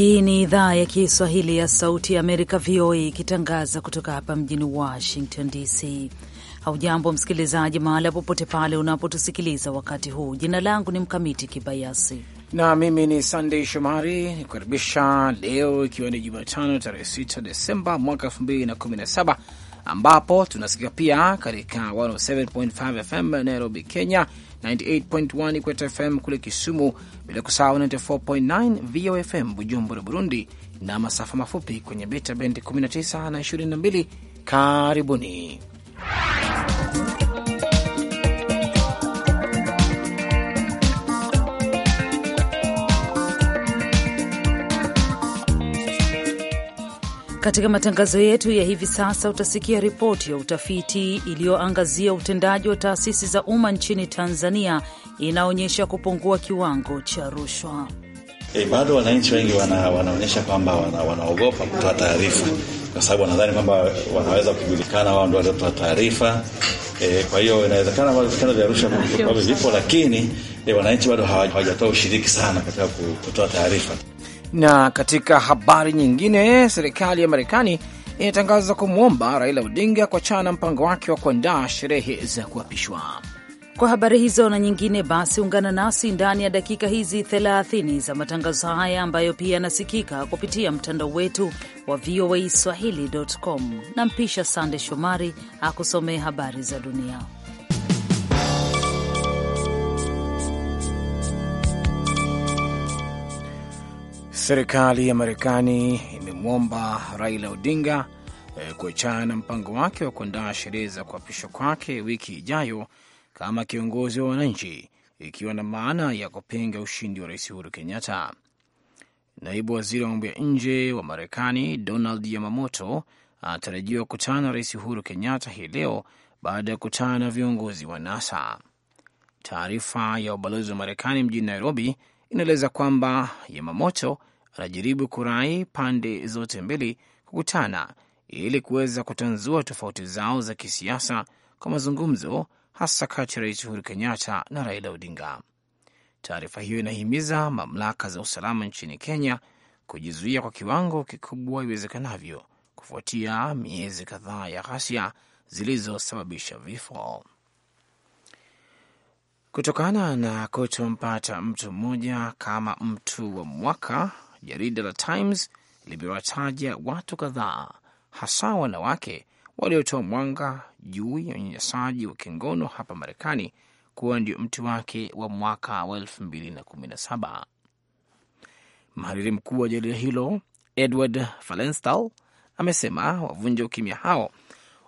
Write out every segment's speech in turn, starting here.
Hii ni idhaa ya Kiswahili ya Sauti ya Amerika, VOA, ikitangaza kutoka hapa mjini Washington DC. Haujambo msikilizaji, mahala popote pale unapotusikiliza wakati huu. Jina langu ni Mkamiti Kibayasi na mimi ni Sandey Shomari nikukaribisha leo, ikiwa ni Jumatano tarehe 6 Desemba mwaka 2017 ambapo tunasikika pia katika 107.5 FM Nairobi, Kenya, 98.1 Ikweta FM kule Kisumu, bila kusahau 94.9 VOFM Bujumbura, Burundi, na masafa mafupi kwenye beta bendi 19 na 22. Karibuni Katika matangazo yetu ya hivi sasa utasikia ripoti ya utafiti iliyoangazia utendaji wa taasisi za umma nchini Tanzania inaonyesha kupungua kiwango cha rushwa. E, bado wananchi wengi wana, wanaonyesha kwamba wana, wanaogopa kutoa taarifa kwa sababu wanadhani kwamba wanaweza kujulikana, wao ndio waliotoa taarifa. E, kwa hiyo inawezekana vitendo vya rushwa vipo, lakini e, wananchi bado hawajatoa ushiriki sana katika kutoa taarifa. Na katika habari nyingine, serikali ya Marekani inatangaza kumwomba Raila Odinga kuachana na mpango wake wa kuandaa sherehe za kuapishwa. Kwa habari hizo na nyingine, basi ungana nasi ndani ya dakika hizi 30 za matangazo haya ambayo pia yanasikika kupitia mtandao wetu wa VOA swahili.com. Nampisha Sande Shomari akusomee habari za dunia. Serikali ya Marekani imemwomba Raila Odinga e, kuachana na mpango wake wa kuandaa sherehe za kuapishwa kwake wiki ijayo kama kiongozi wa wananchi, ikiwa na maana ya kupinga ushindi wa Rais Uhuru Kenyatta. Naibu waziri wa mambo ya nje wa Marekani Donald Yamamoto anatarajiwa kukutana na Rais Uhuru Kenyatta hii leo baada ya kukutana na viongozi wa NASA. Taarifa ya ubalozi wa Marekani mjini Nairobi inaeleza kwamba Yamamoto anajaribu kurai pande zote mbili kukutana ili kuweza kutanzua tofauti zao za kisiasa kwa mazungumzo, hasa kati ya Rais Uhuru Kenyatta na Raila Odinga. Taarifa hiyo inahimiza mamlaka za usalama nchini Kenya kujizuia kwa kiwango kikubwa iwezekanavyo kufuatia miezi kadhaa ya ghasia zilizosababisha vifo. Kutokana na kutompata mtu mmoja kama mtu wa mwaka jarida la Times limewataja watu kadhaa, hasa wanawake waliotoa mwanga juu ya unyanyasaji wa kingono hapa Marekani kuwa ndio mti wake wa mwaka wa 2017. Mhariri mkuu wa jarida hilo Edward falenstal amesema wavunja ukimya hao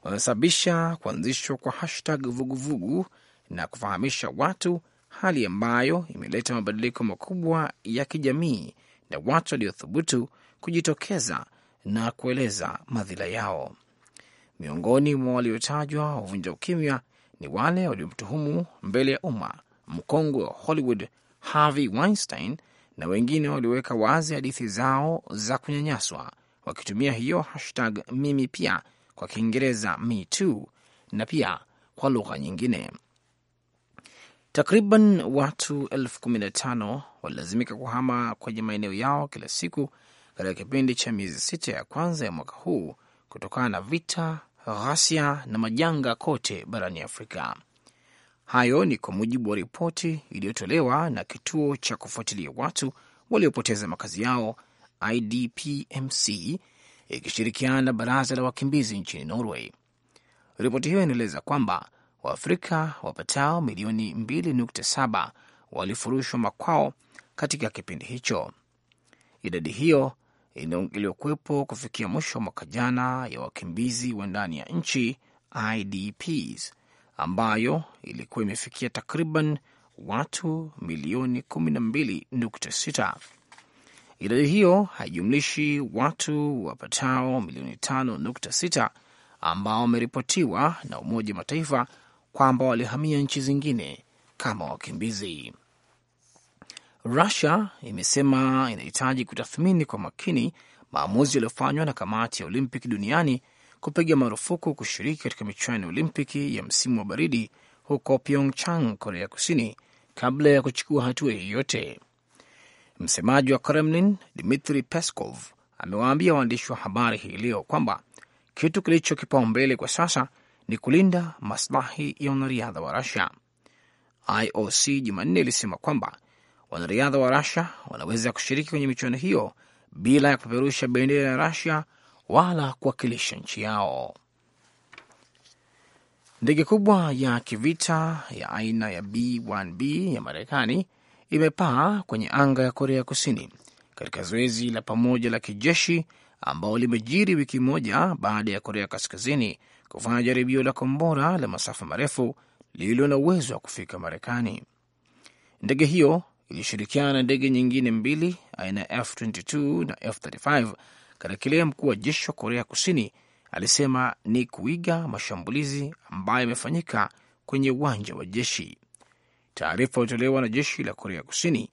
wamesababisha kuanzishwa kwa hashtag vuguvugu na kufahamisha watu, hali ambayo imeleta mabadiliko makubwa ya kijamii na watu waliothubutu kujitokeza na kueleza madhila yao. Miongoni mwa waliotajwa wavunja ukimya ni wale waliomtuhumu mbele ya umma mkongwe wa Hollywood Harvey Weinstein na wengine walioweka wazi hadithi zao za kunyanyaswa wakitumia hiyo hashtag mimi pia kwa Kiingereza me too na pia kwa lugha nyingine. Takriban watu elfu kumi na tano walilazimika kuhama kwenye maeneo yao kila siku katika kipindi cha miezi sita ya kwanza ya mwaka huu kutokana na vita, ghasia na majanga kote barani Afrika. Hayo ni kwa mujibu wa ripoti iliyotolewa na kituo cha kufuatilia watu waliopoteza makazi yao IDPMC ikishirikiana na baraza la wakimbizi nchini Norway. Ripoti hiyo inaeleza kwamba Waafrika wapatao milioni 2.7 walifurushwa makwao katika kipindi hicho. Idadi hiyo iliyokuwepo kufikia mwisho wa mwaka jana ya wakimbizi wa ndani ya nchi IDPs, ambayo ilikuwa imefikia takriban watu milioni 12.6. Idadi hiyo haijumlishi watu wapatao milioni 5.6 ambao wameripotiwa na Umoja wa Mataifa kwamba walihamia nchi zingine kama wakimbizi. Rusia imesema inahitaji kutathmini kwa makini maamuzi yaliyofanywa na kamati ya Olimpiki duniani kupiga marufuku kushiriki katika michuano ya Olimpiki ya msimu wa baridi huko Pyeongchang, Korea Kusini, kabla ya kuchukua hatua yoyote. Msemaji wa Kremlin Dmitri Peskov amewaambia waandishi wa habari hii leo kwamba kitu kilicho kipaumbele kwa sasa ni kulinda maslahi ya wanariadha wa Rusia. IOC Jumanne ilisema kwamba wanariadha wa Rusia wanaweza kushiriki kwenye michuano hiyo bila ya kupeperusha bendera ya Rusia wala kuwakilisha nchi yao. Ndege kubwa ya kivita ya aina ya B1B ya Marekani imepaa kwenye anga ya Korea Kusini katika zoezi la pamoja la kijeshi ambao limejiri wiki moja baada ya Korea Kaskazini kufanya jaribio la kombora la masafa marefu lililo na uwezo wa kufika Marekani. Ndege hiyo ilishirikiana na ndege nyingine mbili aina ya F22 na F35 katika kile mkuu wa jeshi wa Korea Kusini alisema ni kuiga mashambulizi ambayo yamefanyika kwenye uwanja wa jeshi. Taarifa iliyotolewa na jeshi la Korea Kusini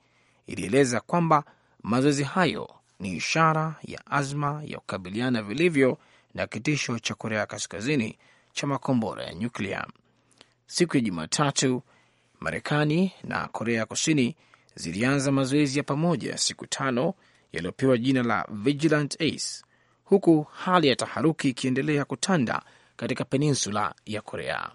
ilieleza kwamba mazoezi hayo ni ishara ya azma ya kukabiliana vilivyo na kitisho cha Korea Kaskazini cha makombora ya nyuklia. Siku ya Jumatatu, Marekani na Korea Kusini zilianza mazoezi ya pamoja siku tano yaliyopewa jina la Vigilant Ace, huku hali ya taharuki ikiendelea kutanda katika peninsula ya Korea.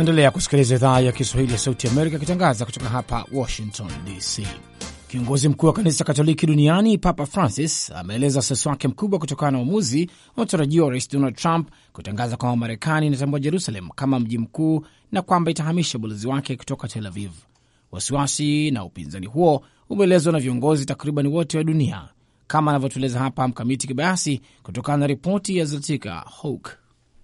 Naendelea kusikiliza idhaa ya Kiswahili ya Sauti Amerika ikitangaza kutoka hapa Washington DC. Kiongozi mkuu wa kanisa Katoliki duniani Papa Francis ameeleza wasiwasi wake mkubwa kutokana na uamuzi unaotarajiwa wa Rais Donald Trump kutangaza kwamba Marekani inatambua Jerusalem kama mji mkuu na kwamba itahamisha ubalozi wake kutoka Tel Aviv. Wasiwasi na upinzani huo umeelezwa na viongozi takriban wote wa dunia, kama anavyotueleza hapa Mkamiti Kibayasi kutokana na ripoti ya Zlatika Hoke.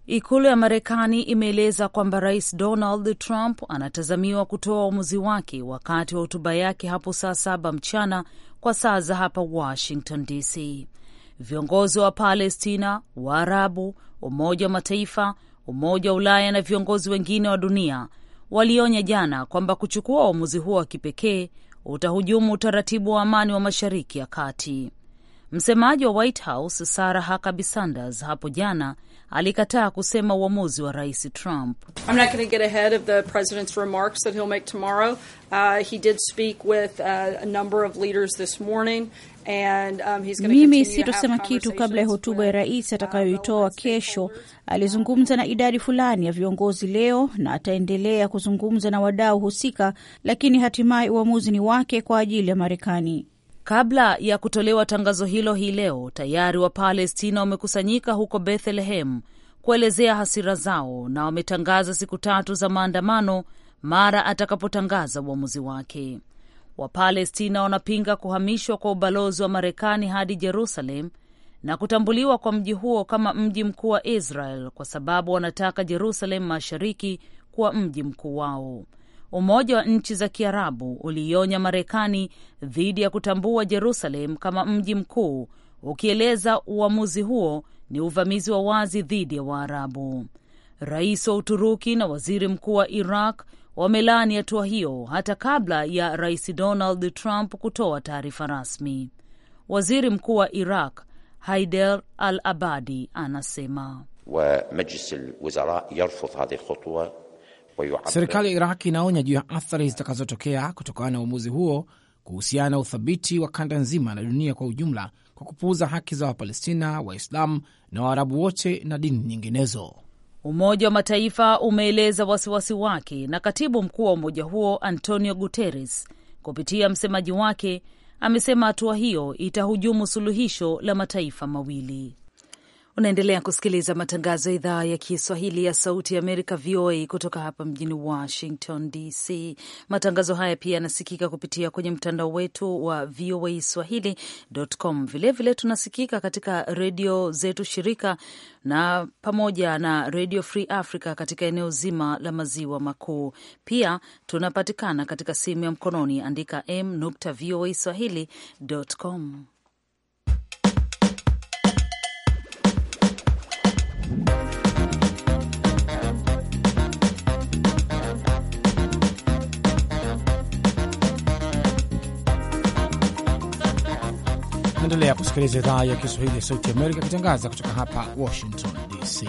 Ikulu ya Marekani imeeleza kwamba Rais Donald Trump anatazamiwa kutoa uamuzi wake wakati wa hotuba yake hapo saa saba mchana kwa saa za hapa Washington DC. Viongozi wa Palestina, Waarabu, Umoja wa Mataifa, Umoja wa Ulaya na viongozi wengine wa dunia walionya jana kwamba kuchukua uamuzi huo wa kipekee utahujumu utaratibu wa amani wa Mashariki ya Kati. Msemaji wa White House Sarah Huckabee Sanders hapo jana alikataa kusema uamuzi wa rais Trump. Uh, uh, um, Mimi sitosema kitu kabla ya hotuba ya rais atakayoitoa kesho. Alizungumza na idadi fulani ya viongozi leo na ataendelea kuzungumza na wadau husika, lakini hatimaye uamuzi ni wake kwa ajili ya Marekani. Kabla ya kutolewa tangazo hilo hii leo, tayari Wapalestina wamekusanyika huko Bethlehem kuelezea hasira zao na wametangaza siku tatu za maandamano mara atakapotangaza uamuzi wake. Wapalestina wanapinga kuhamishwa kwa ubalozi wa Marekani hadi Jerusalem na kutambuliwa kwa mji huo kama mji mkuu wa Israel kwa sababu wanataka Jerusalem Mashariki kuwa mji mkuu wao. Umoja wa Nchi za Kiarabu uliionya Marekani dhidi ya kutambua Jerusalem kama mji mkuu, ukieleza uamuzi huo ni uvamizi wa wazi dhidi ya Waarabu. Rais wa Uturuki na waziri mkuu wa Iraq wamelaani hatua hiyo hata kabla ya Rais Donald Trump kutoa taarifa rasmi. Waziri mkuu wa Iraq Haider al Abadi anasema wa majlis al yarfudh hadhihi khutwa kwa hiyo serikali ya Iraq inaonya juu ya athari zitakazotokea kutokana na uamuzi huo kuhusiana na uthabiti wa kanda nzima na dunia kwa ujumla, kwa kupuuza haki za Wapalestina, Waislamu na Waarabu wote na dini nyinginezo. Umoja wa Mataifa umeeleza wasiwasi wake, na katibu mkuu wa umoja huo Antonio Guterres kupitia msemaji wake amesema hatua hiyo itahujumu suluhisho la mataifa mawili. Unaendelea kusikiliza matangazo ya idhaa ya Kiswahili ya Sauti ya Amerika, VOA, kutoka hapa mjini Washington DC. Matangazo haya pia yanasikika kupitia kwenye mtandao wetu wa VOA Swahili.com. Vilevile tunasikika katika redio zetu shirika na pamoja na Redio Free Africa katika eneo zima la maziwa makuu. Pia tunapatikana katika simu ya mkononi, andika m voa swahili.com. Endelea kusikiliza idhaa ya Kiswahili ya Sauti Amerika ikitangaza kutoka hapa Washington DC.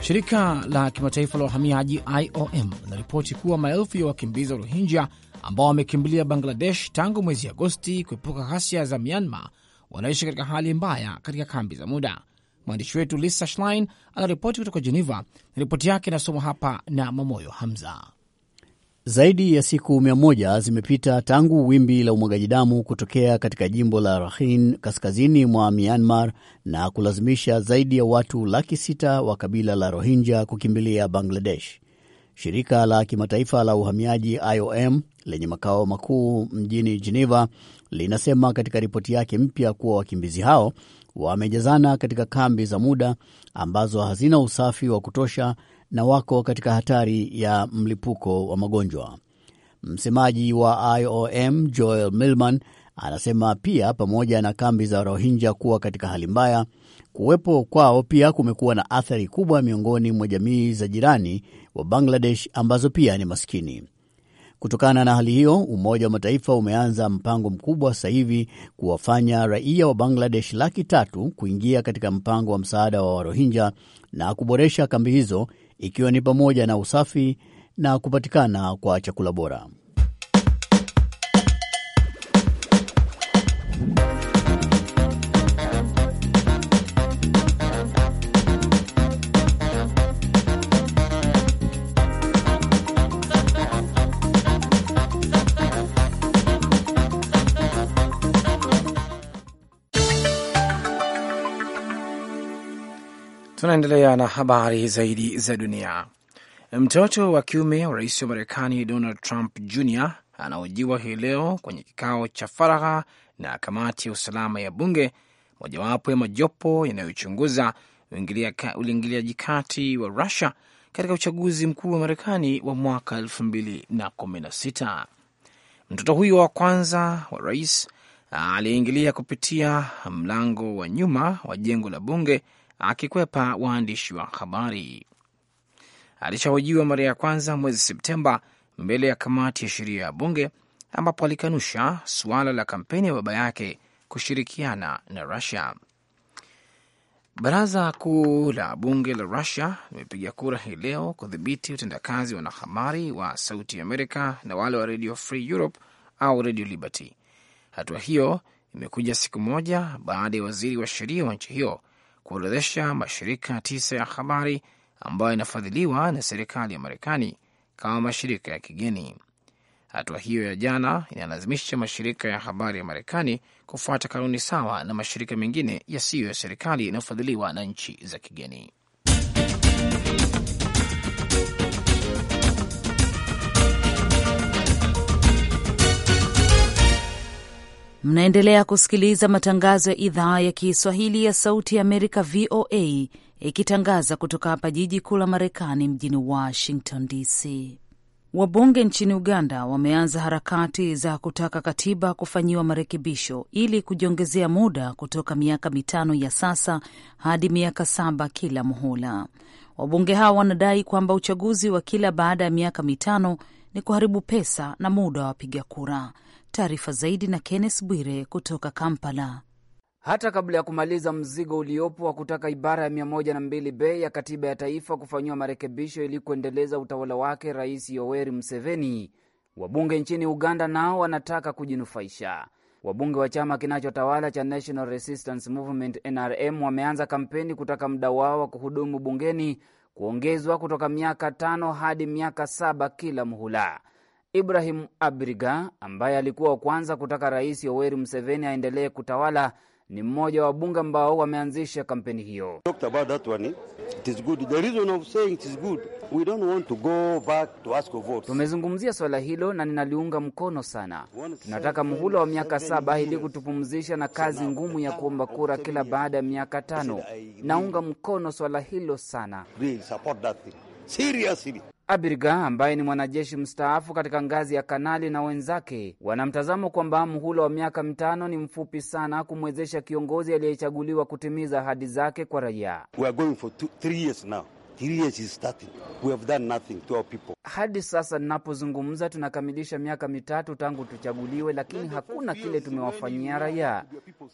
Shirika la kimataifa la wahamiaji IOM linaripoti kuwa maelfu ya wakimbizi wa Rohingya ambao wamekimbilia Bangladesh tangu mwezi Agosti kuepuka ghasia za Myanmar wanaishi katika hali mbaya katika kambi za muda. Mwandishi wetu Lisa Schlein anaripoti kutoka Jeneva, na ripoti yake inasomwa hapa na Mamoyo Hamza. Zaidi ya siku mia moja zimepita tangu wimbi la umwagaji damu kutokea katika jimbo la Rakhine kaskazini mwa Myanmar na kulazimisha zaidi ya watu laki sita wa kabila la Rohingya kukimbilia Bangladesh. Shirika la kimataifa la uhamiaji IOM lenye makao makuu mjini Geneva linasema katika ripoti yake mpya kuwa wakimbizi hao wamejazana katika kambi za muda ambazo hazina usafi wa kutosha na wako katika hatari ya mlipuko wa magonjwa. Msemaji wa IOM Joel milman anasema pia pamoja na kambi za Rohingya kuwa katika hali mbaya, kuwepo kwao pia kumekuwa na athari kubwa miongoni mwa jamii za jirani wa Bangladesh ambazo pia ni maskini. Kutokana na hali hiyo, Umoja wa Mataifa umeanza mpango mkubwa sasa hivi kuwafanya raia wa Bangladesh laki tatu kuingia katika mpango wa msaada wa Warohinja na kuboresha kambi hizo, ikiwa ni pamoja na usafi na kupatikana kwa chakula bora. Tunaendelea na habari zaidi za dunia. Mtoto wa kiume wa rais wa Marekani Donald Trump Jr anaojiwa hii leo kwenye kikao cha faragha na kamati ya usalama ya bunge, mojawapo ya majopo yanayochunguza uliingiliaji kati wa Rusia katika uchaguzi mkuu wa Marekani wa mwaka 2016. Mtoto huyo wa kwanza wa rais aliingilia kupitia mlango wa nyuma wa jengo la bunge akikwepa waandishi wa habari. Alishahojiwa mara ya kwanza mwezi Septemba mbele ya kamati ya sheria ya bunge ambapo alikanusha suala la kampeni ya baba yake kushirikiana na Rusia. Baraza kuu la bunge la Rusia limepiga kura hii leo kudhibiti utendakazi wa wanahabari wa Sauti Amerika na wale wa Radio Free Europe au Radio Liberty. Hatua hiyo imekuja siku moja baada ya waziri wa sheria wa nchi hiyo kuorodhesha mashirika tisa ya habari ambayo inafadhiliwa na serikali ya Marekani kama mashirika ya kigeni. Hatua hiyo ya jana inalazimisha mashirika ya habari ya Marekani kufuata kanuni sawa na mashirika mengine yasiyo ya serikali yanayofadhiliwa na nchi za kigeni. Mnaendelea kusikiliza matangazo ya idhaa ya Kiswahili ya Sauti ya Amerika, VOA, ikitangaza kutoka hapa jiji kuu la Marekani, mjini Washington DC. Wabunge nchini Uganda wameanza harakati za kutaka katiba kufanyiwa marekebisho ili kujiongezea muda kutoka miaka mitano ya sasa hadi miaka saba kila muhula. Wabunge hao wanadai kwamba uchaguzi wa kila baada ya miaka mitano ni kuharibu pesa na muda wa wapiga kura. Taarifa zaidi na Kennes Bwire kutoka Kampala. Hata kabla ya kumaliza mzigo uliopo wa kutaka ibara ya 102 b ya katiba ya taifa kufanyiwa marekebisho ili kuendeleza utawala wake Rais Yoweri Museveni, wabunge nchini Uganda nao wanataka kujinufaisha. Wabunge wa chama kinachotawala cha National Resistance Movement NRM wameanza kampeni kutaka muda wao wa kuhudumu bungeni kuongezwa kutoka miaka tano hadi miaka saba kila muhula. Ibrahim Abriga ambaye alikuwa wa kwanza kutaka Rais Yoweri Museveni aendelee kutawala ni mmoja wa bunge ambao wameanzisha kampeni hiyo. Eh? Tumezungumzia swala hilo na ninaliunga mkono sana. Tunataka muhula wa miaka saba ili kutupumzisha na kazi ngumu ya kuomba kura kila baada ya miaka tano. Naunga mkono swala hilo sana. Abirga ambaye ni mwanajeshi mstaafu katika ngazi ya kanali na wenzake wanamtazamo kwamba mhula wa miaka mitano ni mfupi sana kumwezesha kiongozi aliyechaguliwa kutimiza ahadi zake kwa raia. Hadi sasa ninapozungumza, tunakamilisha miaka mitatu tangu tuchaguliwe, lakini hakuna kile tumewafanyia raia.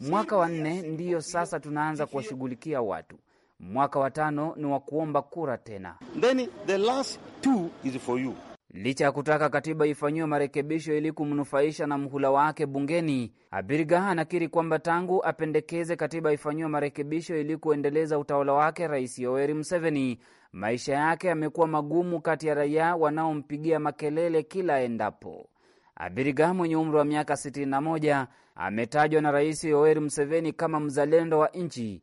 Mwaka wa nne ndiyo sasa tunaanza kuwashughulikia watu Mwaka wa tano ni wa kuomba kura tena. Then the last two is for you. Licha ya kutaka katiba ifanyiwe marekebisho ili kumnufaisha na mhula wake bungeni, abirga anakiri kwamba tangu apendekeze katiba ifanyiwe marekebisho ili kuendeleza utawala wake Rais Yoweri Museveni, maisha yake yamekuwa magumu kati ya raia wanaompigia makelele kila endapo. abirga mwenye umri wa miaka 61 ametajwa na Rais Yoweri Museveni kama mzalendo wa nchi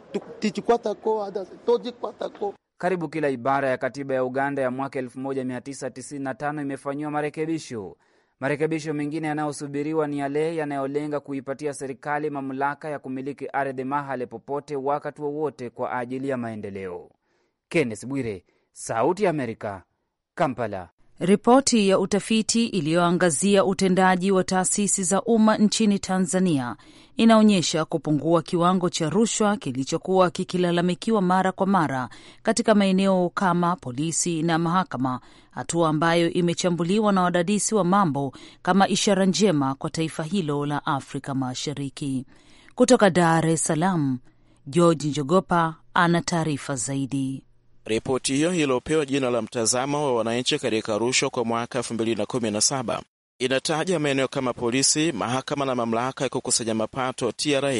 Karibu kila ibara ya katiba ya Uganda ya mwaka 1995 imefanyiwa marekebisho. Marekebisho mengine yanayosubiriwa ni yale yanayolenga kuipatia serikali mamlaka ya kumiliki ardhi mahali popote wakati wowote kwa ajili ya maendeleo. Kenneth Bwire, Sauti ya Amerika, Kampala. Ripoti ya utafiti iliyoangazia utendaji wa taasisi za umma nchini Tanzania inaonyesha kupungua kiwango cha rushwa kilichokuwa kikilalamikiwa mara kwa mara katika maeneo kama polisi na mahakama, hatua ambayo imechambuliwa na wadadisi wa mambo kama ishara njema kwa taifa hilo la Afrika Mashariki. Kutoka Dar es Salaam, George Njogopa ana taarifa zaidi. Ripoti hiyo iliyopewa jina la mtazamo wa wananchi katika rushwa kwa mwaka 2017 inataja maeneo kama polisi, mahakama na mamlaka ya kukusanya mapato TRA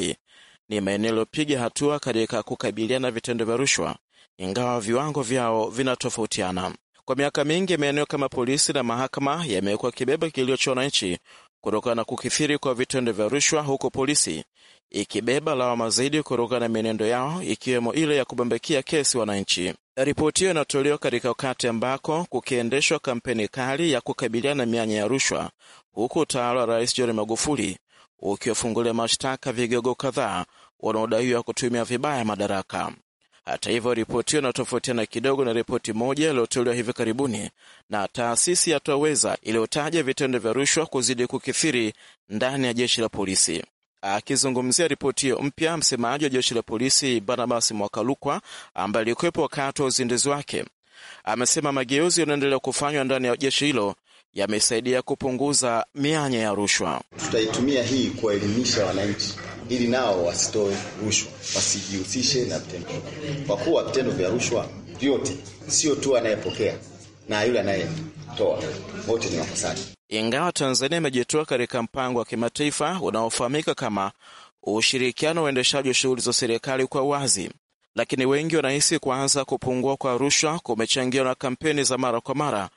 ni maeneo yaliyopiga hatua katika kukabiliana vitendo vya rushwa, ingawa viwango vyao vinatofautiana. Kwa miaka mingi, maeneo kama polisi na mahakama yamekuwa kibeba kilio cha wananchi kutokana na kukithiri kwa vitendo vya rushwa, huku polisi ikibeba lawama zaidi kutokana na mienendo yao ikiwemo ile ya kubambikia kesi wananchi. Ripoti hiyo inatolewa katika wakati ambako kukiendeshwa kampeni kali ya kukabiliana na mianya ya rushwa, huku utawala wa Rais John Magufuli ukiwafungulia mashtaka vigogo kadhaa wanaodaiwa kutumia vibaya madaraka. Hata hivyo, ripoti hiyo inatofautiana kidogo na ripoti moja iliyotolewa hivi karibuni na taasisi ya Twaweza iliyotaja vitendo vya rushwa kuzidi kukithiri ndani ya jeshi la polisi. Akizungumzia ripoti hiyo mpya, msemaji wa jeshi la polisi Barnabas Mwakalukwa ambaye alikuwepo wakati wa uzinduzi wake amesema mageuzi yanaendelea kufanywa ndani ya jeshi hilo yamesaidia kupunguza mianya ya rushwa. Tutaitumia hii kuwaelimisha wananchi ili nao wasitoe rushwa, wasijihusishe na vitendo, kwa kuwa vitendo vya rushwa vyote, sio tu anayepokea na yule anaye kutoa, wote ni wakosaji. Ingawa Tanzania imejitoa katika mpango wa kimataifa unaofahamika kama ushirikiano wa uendeshaji wa shughuli za serikali kwa wazi, lakini wengi wanahisi kuanza kupungua kwa rushwa kumechangiwa na kampeni za mara kwa mara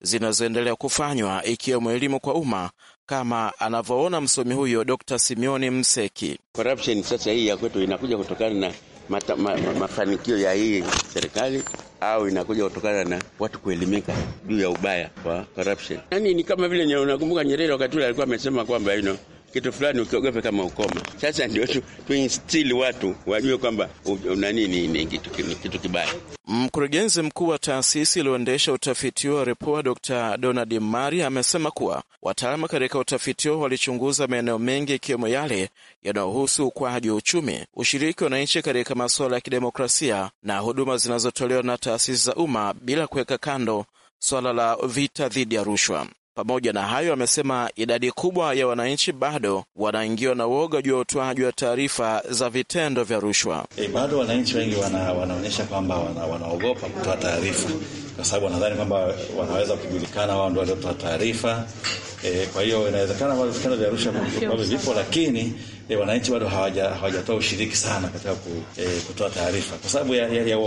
zinazoendelea kufanywa ikiwemo elimu kwa umma, kama anavyoona msomi huyo Dr. Simeoni Mseki. Corruption sasa hii ya kwetu inakuja kutokana na mata, ma, ma, mafanikio ya hii serikali au inakuja kutokana na watu kuelimika juu ya ubaya wa corruption. Yaani ni kama vile unakumbuka Nyerere wakati ule alikuwa amesema kwamba you know, kitu fulani ukiogope kama ukoma. Sasa ndio tuinstili watu wajue kwamba una nini ni kitu, kitu kibaya. Mkurugenzi mkuu wa taasisi iliyoendesha utafiti wa Repoa, Dr Donald Mari amesema kuwa wataalamu katika utafiti huo walichunguza maeneo mengi ikiwemo yale yanayohusu ukuaji wa uchumi, ushiriki wa wananchi katika masuala ya kidemokrasia na huduma zinazotolewa na taasisi za umma bila kuweka kando swala la vita dhidi ya rushwa. Pamoja na hayo, amesema idadi kubwa ya wananchi bado wanaingiwa na uoga juu ya utoaji wa taarifa za vitendo vya rushwa. E, bado wananchi wengi wana, wanaonyesha kwamba wana, wanaogopa kutoa taarifa kwa sababu wanadhani kwamba wanaweza kujulikana, wao ndio waliotoa taarifa. E, kwa hiyo inawezekana bado vitendo vya rushwa ambavyo vipo, lakini e, wananchi bado hawajatoa hawaja ushiriki sana katika ku, e, kutoa taarifa kwa sababu ya, ya, ya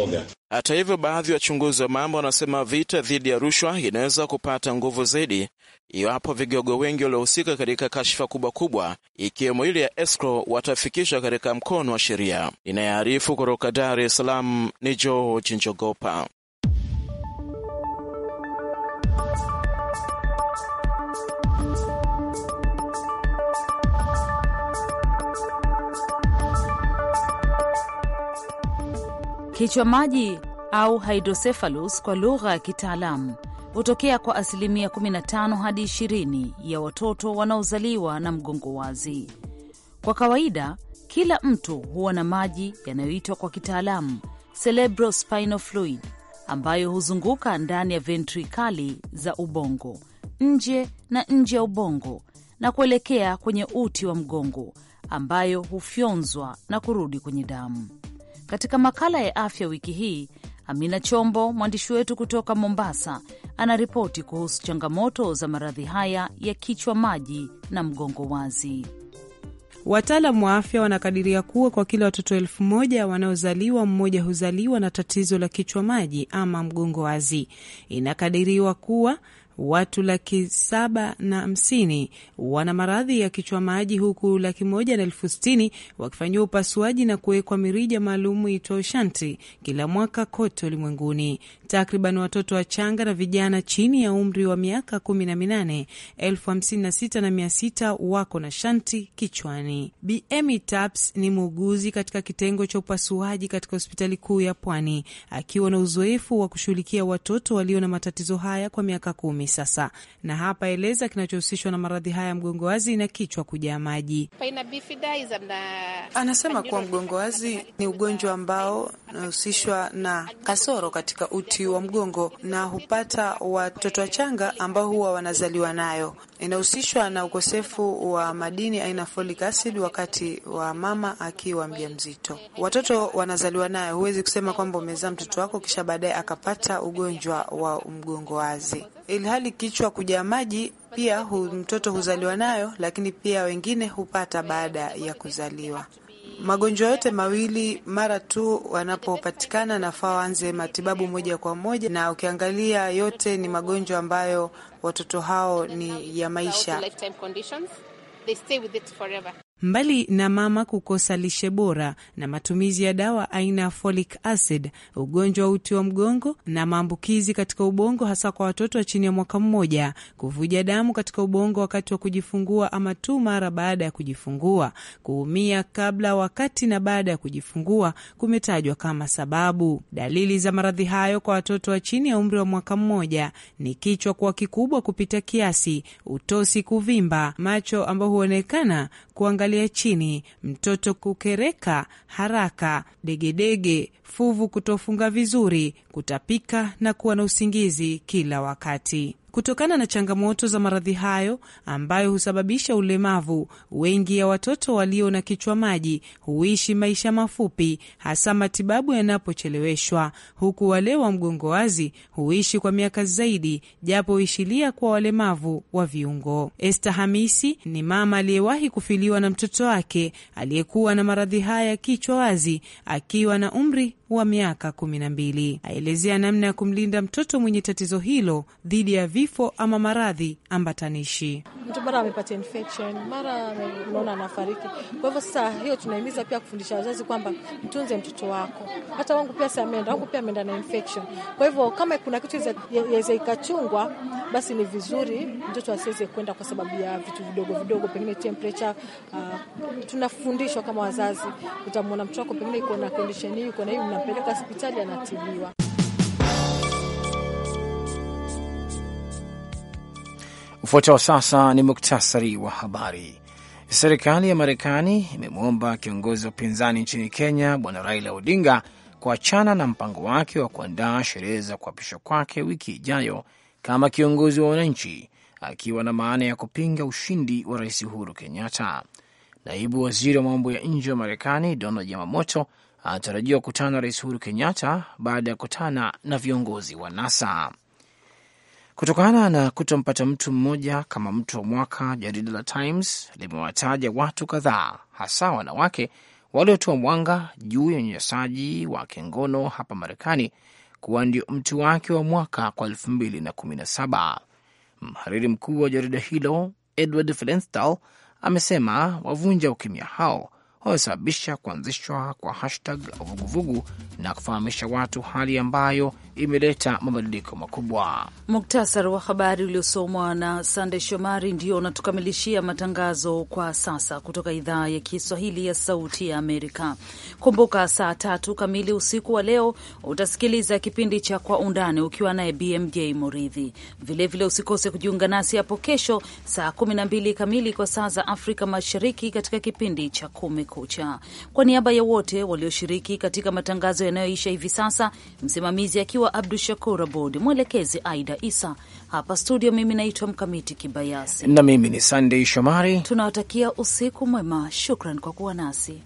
hata hivyo, baadhi ya wachunguzi wa mambo wanasema vita dhidi ya rushwa inaweza kupata nguvu zaidi iwapo vigogo wengi waliohusika katika kashfa kubwa kubwa ikiwemo ile ya escrow watafikishwa katika mkono wa sheria. Inayoarifu kutoka Dar es Salaam ni George Njogopa. Kichwa maji au hydrocephalus kwa lugha ya kitaalamu hutokea kwa asilimia 15 hadi 20 ya watoto wanaozaliwa na mgongo wazi. Kwa kawaida, kila mtu huwa na maji yanayoitwa kwa kitaalamu cerebrospinal fluid ambayo huzunguka ndani ya ventrikali za ubongo, nje na nje ya ubongo na kuelekea kwenye uti wa mgongo ambayo hufyonzwa na kurudi kwenye damu. Katika makala ya afya wiki hii, Amina Chombo, mwandishi wetu kutoka Mombasa, anaripoti kuhusu changamoto za maradhi haya ya kichwa maji na mgongo wazi. Wataalamu wa afya wanakadiria kuwa kwa kila watoto elfu moja wanaozaliwa mmoja huzaliwa na tatizo la kichwa maji ama mgongo wazi. Inakadiriwa kuwa watu laki saba na hamsini wana maradhi ya kichwa maji, huku laki moja na elfu sitini wakifanyiwa upasuaji na kuwekwa mirija maalum itoa shanti kila mwaka kote ulimwenguni. Takriban watoto wachanga na vijana chini ya umri wa miaka kumi na minane elfu hamsini na sita na mia sita wako na shanti kichwani. Bmi Taps ni muuguzi katika kitengo cha upasuaji katika hospitali kuu ya Pwani, akiwa na uzoefu wa kushughulikia watoto walio na matatizo haya kwa miaka kumi jamii sasa. Na hapa eleza kinachohusishwa na maradhi haya ya mgongo wazi na kichwa kujaa maji. Anasema kuwa mgongo wazi ni ugonjwa ambao unahusishwa na kasoro katika uti wa mgongo na hupata watoto wachanga ambao huwa wanazaliwa nayo. Inahusishwa na ukosefu wa madini aina folic acid wakati wa mama akiwa mjamzito. Watoto wanazaliwa nayo, huwezi kusema kwamba umezaa mtoto wako kisha baadaye akapata ugonjwa wa mgongo wazi ilhali kichwa kuja maji pia hu, mtoto huzaliwa nayo, lakini pia wengine hupata baada ya kuzaliwa. Magonjwa yote mawili mara tu wanapopatikana, nafaa waanze matibabu moja kwa moja, na ukiangalia yote ni magonjwa ambayo watoto hao ni ya maisha. Mbali na mama kukosa lishe bora na matumizi ya dawa aina ya folic acid, ugonjwa wa uti wa mgongo na maambukizi katika ubongo, hasa kwa watoto wa chini ya mwaka mmoja, kuvuja damu katika ubongo wakati wa kujifungua ama tu mara baada ya kujifungua, kuumia kabla, wakati na baada ya kujifungua kumetajwa kama sababu. Dalili za maradhi hayo kwa watoto wa chini ya umri wa mwaka mmoja ni kichwa kuwa kikubwa kupita kiasi, utosi kuvimba, macho ambayo huonekana kuangalia kuangalia chini, mtoto kukereka haraka, degedege, fuvu kutofunga vizuri, kutapika na kuwa na usingizi kila wakati. Kutokana na changamoto za maradhi hayo ambayo husababisha ulemavu, wengi ya watoto walio na kichwa maji huishi maisha mafupi, hasa matibabu yanapocheleweshwa, huku wale wa mgongo wazi huishi kwa miaka zaidi, japo huishilia kwa walemavu wa viungo. este Hamisi ni mama aliyewahi kufiliwa na mtoto wake aliyekuwa na maradhi haya ya kichwa wazi akiwa na umri wa miaka kumi na mbili aelezea namna ya kumlinda mtoto mwenye tatizo hilo dhidi ya vifo ama maradhi ambatanishi. Mtu mara amepata infection, mara unaona anafariki. Kwa hivyo sasa, hiyo tunahimiza pia kufundisha wazazi kwamba mtunze mtoto wako. Hata wangu pia si ameenda, wangu pia ameenda na infection. Kwa hivyo kama kuna kitu yaweza ikachungwa, basi ni vizuri mtoto asiweze kwenda kwa sababu ya vitu vidogo vidogo, pengine temperature. Uh, tunafundishwa kama wazazi, utamwona mtoto wako pengine iko na condition hii, iko na hii anampeleka hospitali, anatibiwa. Ufuatao sasa ni muktasari wa habari. Serikali ya Marekani imemwomba kiongozi wa upinzani nchini Kenya Bwana Raila Odinga kuachana na mpango wake wa kuandaa sherehe za kuapishwa kwake wiki ijayo kama kiongozi wa wananchi, akiwa na maana ya kupinga ushindi wa Rais Uhuru Kenyatta. Naibu waziri wa mambo ya nje wa Marekani Donald Yamamoto anatarajiwa kukutana na Rais Uhuru Kenyatta baada ya kukutana na viongozi wa NASA. Kutokana na kutompata mtu mmoja kama mtu wa mwaka, jarida la Times limewataja watu kadhaa, hasa wanawake waliotoa mwanga juu ya unyanyasaji wa kingono hapa Marekani kuwa ndio mtu wake wa mwaka kwa 2017. Mhariri mkuu wa jarida hilo Edward Flenthal amesema wavunja ukimya hao wamesababisha kuanzishwa kwa hashtag la uvuguvugu na kufahamisha watu, hali ambayo imeleta mabadiliko makubwa. Muktasari wa habari uliosomwa na Sande Shomari ndio unatukamilishia matangazo kwa sasa kutoka idhaa ya Kiswahili ya Sauti ya Amerika. Kumbuka saa tatu kamili usiku wa leo utasikiliza kipindi cha Kwa Undani ukiwa naye BMJ Muridhi. Vilevile usikose kujiunga nasi hapo kesho saa 12 kamili kwa saa za Afrika Mashariki katika kipindi cha Kumekucha Kumekucha. Kwa niaba ya wote walioshiriki katika matangazo yanayoisha hivi sasa, msimamizi akiwa Abdu Shakur Abod, mwelekezi Aida Isa hapa studio, mimi naitwa Mkamiti Kibayasi na mimi ni sandey Shomari. Tunawatakia usiku mwema, shukran kwa kuwa nasi.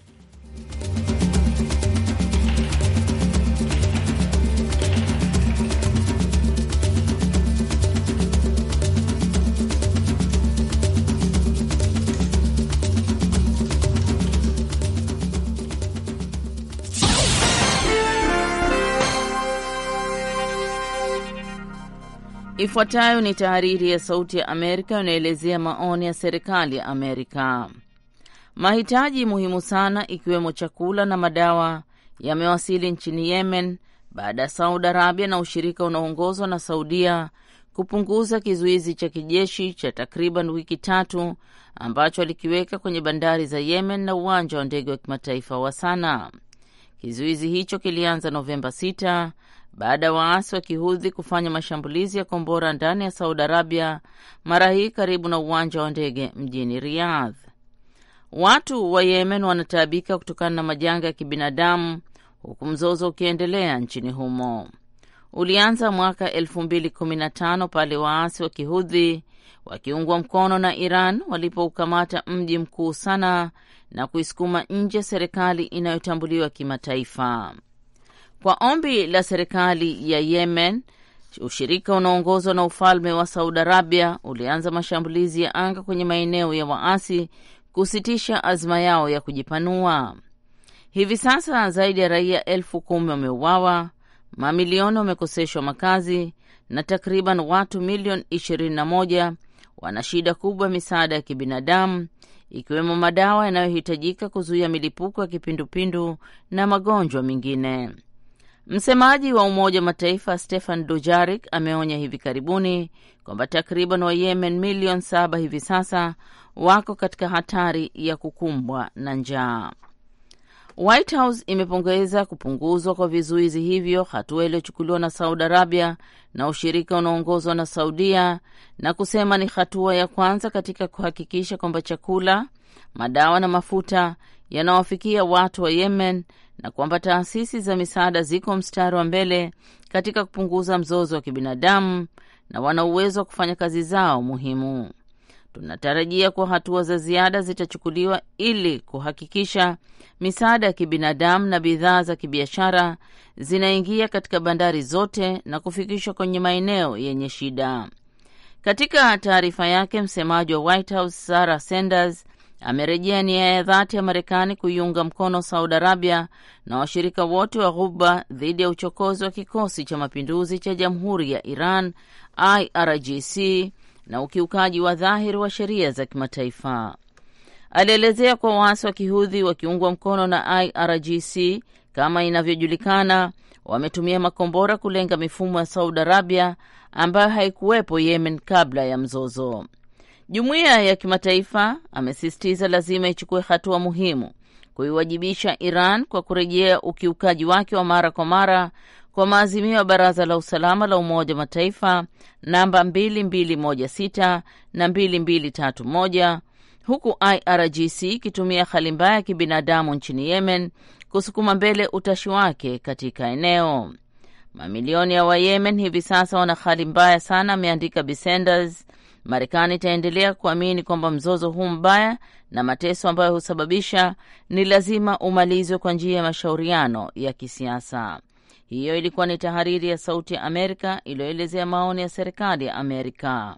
Ifuatayo ni tahariri ya Sauti ya Amerika inayoelezea maoni ya serikali ya Amerika. Mahitaji muhimu sana ikiwemo chakula na madawa yamewasili nchini Yemen baada ya Saudi Arabia na ushirika unaoongozwa na Saudia kupunguza kizuizi cha kijeshi cha takriban wiki tatu ambacho alikiweka kwenye bandari za Yemen na uwanja wa ndege wa kimataifa wa Sana. Kizuizi hicho kilianza Novemba 6 baada ya waasi wa kihudhi kufanya mashambulizi ya kombora ndani ya Saudi Arabia, mara hii karibu na uwanja wa ndege mjini Riyadh. Watu wa Yemen wanataabika kutokana na majanga ya kibinadamu, huku mzozo ukiendelea nchini humo. Ulianza mwaka 2015 pale waasi wa kihudhi wakiungwa mkono na Iran walipoukamata mji mkuu Sana na kuisukuma nje serikali inayotambuliwa kimataifa. Kwa ombi la serikali ya Yemen, ushirika unaoongozwa na ufalme wa Saudi Arabia ulianza mashambulizi ya anga kwenye maeneo ya waasi kusitisha azma yao ya kujipanua. Hivi sasa zaidi ya raia elfu kumi wameuawa, mamilioni wamekoseshwa makazi na takriban watu milioni moja wana shida kubwa ya misaada ya kibinadamu ikiwemo madawa yanayohitajika kuzuia milipuko ya kipindupindu na magonjwa mengine. Msemaji wa Umoja wa Mataifa Stefan Dujarik ameonya hivi karibuni kwamba takriban Wayemen milioni saba hivi sasa wako katika hatari ya kukumbwa na njaa. White House imepongeza kupunguzwa kwa vizuizi hivyo, hatua iliyochukuliwa na Saudi Arabia na ushirika unaoongozwa na Saudia, na kusema ni hatua ya kwanza katika kuhakikisha kwamba chakula, madawa na mafuta yanawafikia watu wa Yemen na kwamba taasisi za misaada ziko mstari wa mbele katika kupunguza mzozo wa kibinadamu na wana uwezo wa kufanya kazi zao muhimu. Tunatarajia kuwa hatua za ziada zitachukuliwa ili kuhakikisha misaada ya kibinadamu na bidhaa za kibiashara zinaingia katika bandari zote na kufikishwa kwenye maeneo yenye shida. Katika taarifa yake, msemaji wa White House Sarah Sanders amerejea nia ya dhati ya Marekani kuiunga mkono Saudi Arabia na washirika wote wa Ghuba dhidi ya uchokozi wa kikosi cha mapinduzi cha jamhuri ya Iran, IRGC, na ukiukaji wa dhahiri wa sheria za kimataifa. Alielezea kwa waasi wa kihudhi wakiungwa mkono na IRGC kama inavyojulikana, wametumia makombora kulenga mifumo ya Saudi Arabia ambayo haikuwepo Yemen kabla ya mzozo. Jumuiya ya kimataifa amesisitiza lazima ichukue hatua muhimu kuiwajibisha Iran kwa kurejea ukiukaji wake wa mara kwa mara kwa maazimio ya Baraza la Usalama la Umoja wa Mataifa namba 2216 na 2231 huku IRGC ikitumia hali mbaya ya kibinadamu nchini Yemen kusukuma mbele utashi wake katika eneo. Mamilioni ya Wayemen hivi sasa wana hali mbaya sana, ameandika Bisenders Marekani itaendelea kuamini kwamba mzozo huu mbaya na mateso ambayo husababisha ni lazima umalizwe kwa njia ya mashauriano ya kisiasa. Hiyo ilikuwa ni tahariri ya Sauti ya Amerika iliyoelezea maoni ya serikali ya Amerika.